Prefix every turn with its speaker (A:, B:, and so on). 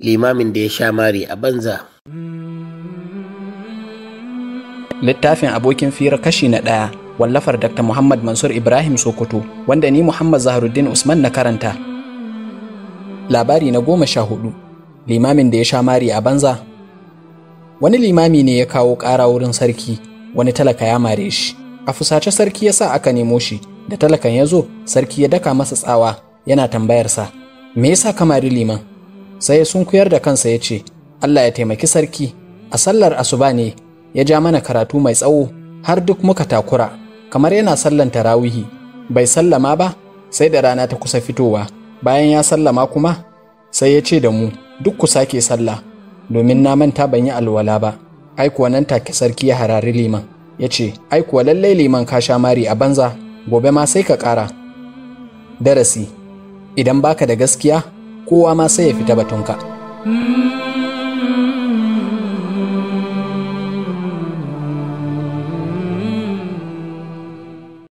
A: limamin da ya sha mari a banza littafin abokin fira kashi na ɗaya wallafar dr muhammad mansur ibrahim sokoto wanda ni muhammad zaharuddin usman na karanta labari na goma sha hudu limamin da ya sha mari a banza wani limami ne ya kawo ƙara wurin sarki wani talaka ya mare shi a fusace sarki ya sa aka nemo shi da talakan ya zo sarki ya daka masa tsawa yana tambayarsa me yasa ka mari liman sai sun kuyar da kansa ya ce Allah ya taimaki sarki a sallar asuba ne ya ja mana karatu mai tsawo har duk muka takura kamar yana sallan tarawihi bai sallama ba sai da rana ta kusa fitowa bayan ya sallama kuma sai ya ce da mu duk ku sake sallah domin na manta ban yi alwala ba ai kuwa nan take sarki ya harari liman ya ce ai kuwa lallai liman ka sha mari a banza gobe ma sai ka ƙara darasi idan baka da gaskiya kowa ma sai ya fita batunka. Hmm.